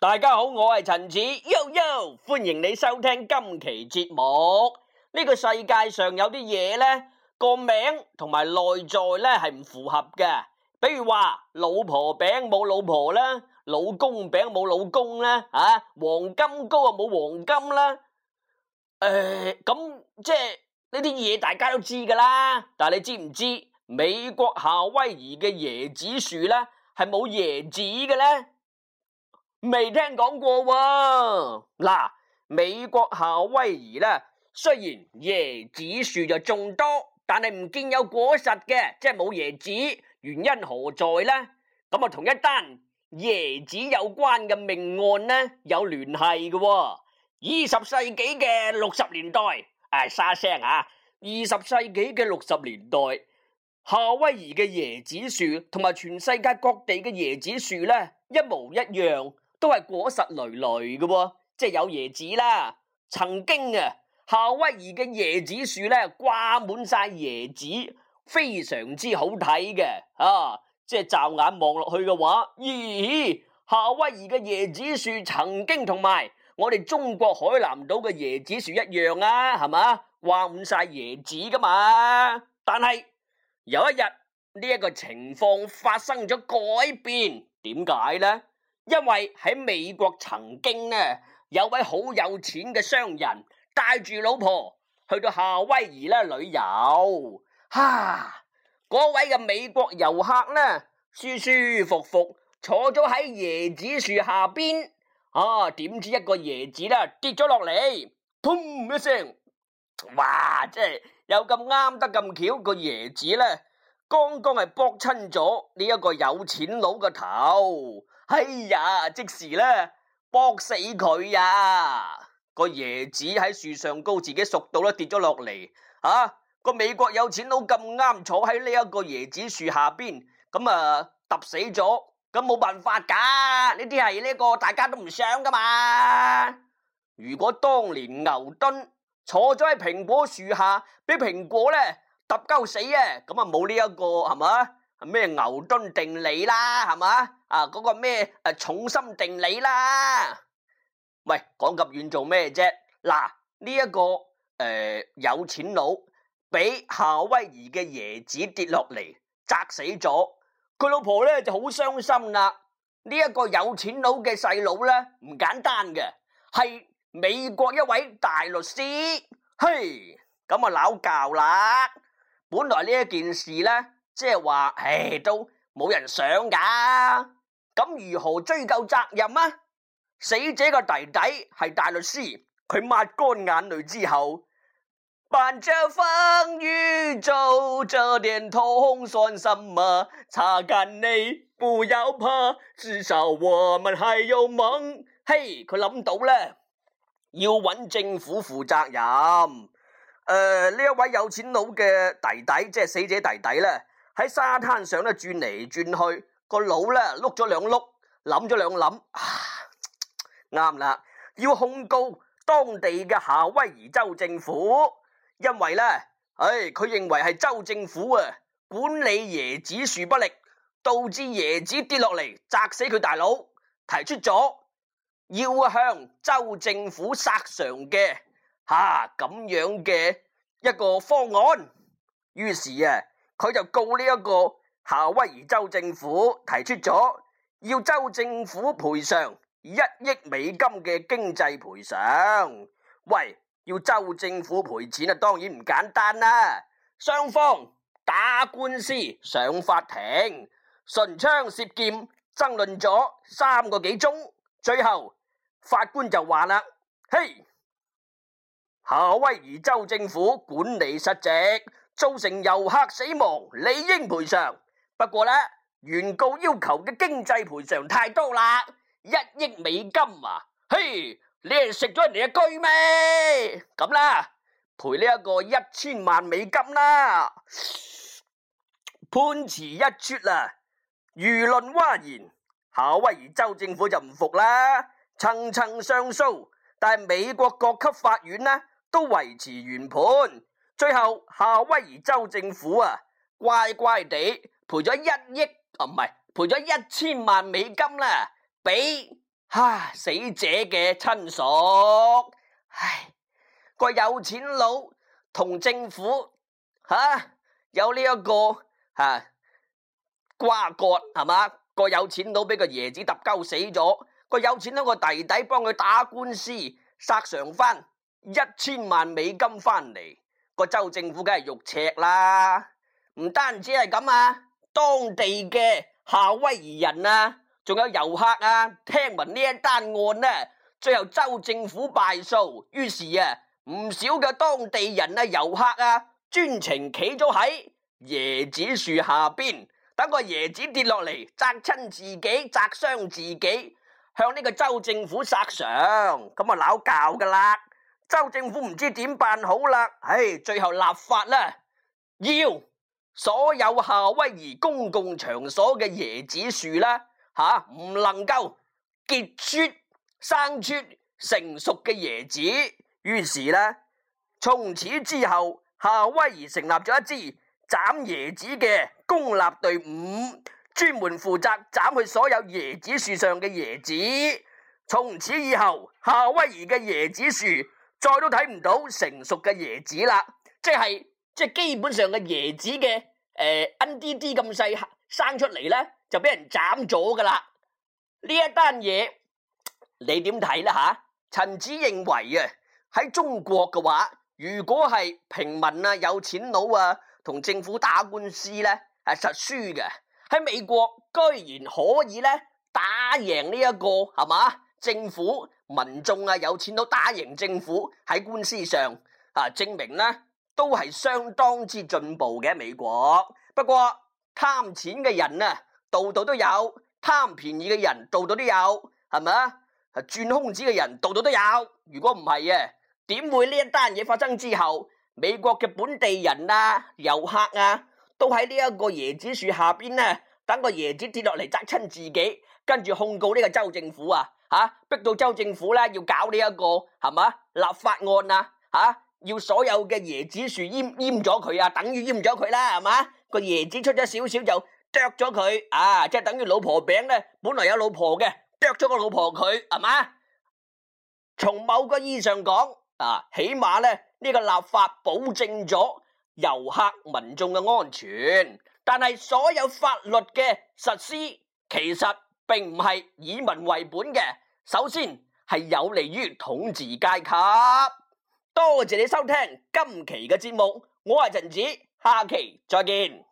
大家好，我係陳子，喲喲，歡迎你收聽今期節目。呢、這個世界上有啲嘢呢個名同埋內在呢係唔符合嘅。比如話老婆餅冇老婆啦，老公餅冇老公啦，啊，黃金糕又冇黃金啦。誒、呃，咁即係呢啲嘢，大家都知㗎啦。但係你知唔知美國夏威夷嘅椰子樹呢係冇椰子嘅呢？未聽講過喎、啊，嗱，美國夏威夷咧，雖然椰子樹就仲多，但係唔見有果實嘅，即係冇椰子，原因何在呢？咁啊，同一單椰子有關嘅命案呢，有聯繫嘅、啊。二十世紀嘅六十年代，唉、哎，沙聲啊，二十世紀嘅六十年代，夏威夷嘅椰子樹同埋全世界各地嘅椰子樹咧，一模一樣。都係果實纍纍嘅，哦，即係有椰子啦。曾經啊，夏威夷嘅椰子樹咧，掛滿晒椰子，非常之好睇嘅。啊，即係驟眼望落去嘅話，咦？夏威夷嘅椰子樹曾經同埋我哋中國海南島嘅椰子樹一樣啊，係嘛，掛滿晒椰子噶嘛。但係有一日呢，一個情況發生咗改變，點解呢？因為喺美國曾經呢，有位好有錢嘅商人帶住老婆去到夏威夷啦旅遊，哈、啊、嗰位嘅美國遊客呢，舒舒服服坐咗喺椰子樹下邊，啊，點知一個椰子啦跌咗落嚟，砰一聲，哇，真係有咁啱得咁巧個椰子呢，剛剛係搏親咗呢一個有錢佬個頭。哎呀！即時咧，搏死佢呀！個椰子喺樹上高，自己熟到咧跌咗落嚟，啊個美國有錢佬咁啱坐喺呢一個椰子樹下邊，咁啊揼死咗，咁冇辦法噶。呢啲係呢個大家都唔想噶嘛。如果當年牛頓坐咗喺蘋果樹下，俾蘋果咧揼鳩死啊，咁啊冇呢一個係嘛？係咩牛頓定理啦？係嘛？啊！嗰、那個咩、誒、啊、重心定理啦？喂，講咁遠做咩啫？嗱、啊，呢、這、一個誒、呃、有錢佬俾夏威夷嘅椰子跌落嚟砸死咗，佢老婆咧就好傷心啦。呢、這、一個有錢佬嘅細佬咧唔簡單嘅，係美國一位大律師。嘿，咁啊鬧交啦。本來呢一件事咧，即係話誒都冇人想噶。咁如何追究責任啊？死者嘅弟弟係大律師，佢抹乾眼淚之後，扮着風雨走，這點痛算什麼？擦乾淚！「不要怕，至少我們係又猛。嘿，佢諗到啦，要揾政府負責任。誒、呃，呢一位有錢佬嘅弟弟，即係死者弟弟啦，喺沙灘上咧轉嚟轉去。個腦咧碌咗兩碌，諗咗兩諗，啱啦，要控告當地嘅夏威夷州政府，因為咧，唉、哎，佢認為係州政府啊管理椰子樹不力，導致椰子跌落嚟砸死佢大佬，提出咗要向州政府索償嘅吓咁樣嘅一個方案。於是啊，佢就告呢、這、一個。夏威夷州政府提出咗要州政府賠償一億美金嘅經濟賠償。喂，要州政府賠錢啊，當然唔簡單啦。雙方打官司上法庭，唇槍舌劍爭論咗三個幾鐘，最後法官就話啦：嘿，夏威夷州政府管理失職，造成遊客死亡，理應賠償。不過咧，原告要求嘅經濟賠償太多啦，一億美金啊，嘿，你係食咗人哋一居咩？咁啦，賠呢一個一千萬美金啦。判詞一出啊，輿論譁然，夏威夷州政府就唔服啦，層層上訴，但係美國各級法院呢都維持原判，最後夏威夷州政府啊，乖乖地。賠咗一億，唔、啊、係賠咗一千萬美金啦，俾吓、啊、死者嘅親屬。唉，個有錢佬同政府吓、啊、有呢、這、一個吓瓜葛，係、啊、嘛？個有錢佬俾個椰子搭鳩死咗，個有錢佬個弟弟幫佢打官司，殺償翻一千萬美金翻嚟，個州政府梗係肉赤啦。唔單止係咁啊！當地嘅夏威夷人啊，仲有遊客啊，聽聞呢一單案呢、啊，最後州政府敗訴，於是啊，唔少嘅當地人啊、遊客啊，專程企咗喺椰子樹下邊，等個椰子跌落嚟，砸親自己，砸傷自己，向呢個州政府索償，咁啊鬧教噶啦，州政府唔知點辦好啦，唉、哎，最後立法啦，要。所有夏威夷公共場所嘅椰子樹啦，吓、啊、唔能夠結出生出成熟嘅椰子。於是咧，從此之後，夏威夷成立咗一支斬椰子嘅公立隊伍，專門負責斬去所有椰子樹上嘅椰子。從此以後，夏威夷嘅椰子樹再都睇唔到成熟嘅椰子啦，即係。即係基本上嘅椰子嘅誒，N D D 咁細生出嚟咧，就俾人斬咗噶啦。一呢一單嘢你點睇咧吓？陳、啊、子認為啊，喺中國嘅話，如果係平民啊，有錢佬啊，同政府打官司咧，係、啊、實輸嘅。喺美國居然可以咧打贏呢一個係嘛？政府民眾啊，有錢佬、啊、打贏政府喺官司上啊，證明咧。都係相當之進步嘅美國，不過貪錢嘅人啊，度度都有；貪便宜嘅人度度都有，係咪啊？鑽空子嘅人度度都有。如果唔係啊點會呢一單嘢發生之後，美國嘅本地人啊、遊客啊，都喺呢一個椰子樹下邊呢、啊，等個椰子跌落嚟砸親自己，跟住控告呢個州政府啊，吓、啊、逼到州政府咧、啊、要搞呢、這、一個係嘛立法案啊，吓、啊？要所有嘅椰子樹閹閹咗佢啊，等於閹咗佢啦，係嘛？個椰子出咗少少就剁咗佢啊，即係等於老婆餅咧，本來有老婆嘅，剁咗個老婆佢，係嘛？從某個意義上講，啊，起碼咧呢個立法保證咗遊客民眾嘅安全，但係所有法律嘅實施其實並唔係以民為本嘅，首先係有利於統治階級。多謝你收聽今期嘅節目，我係陳子，下期再見。